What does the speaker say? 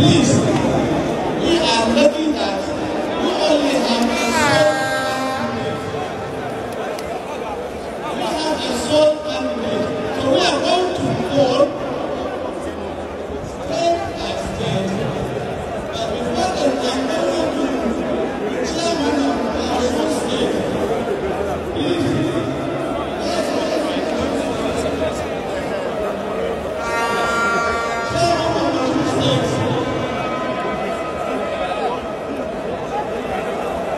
Please, we are looking at we only have a soul and We have a soul and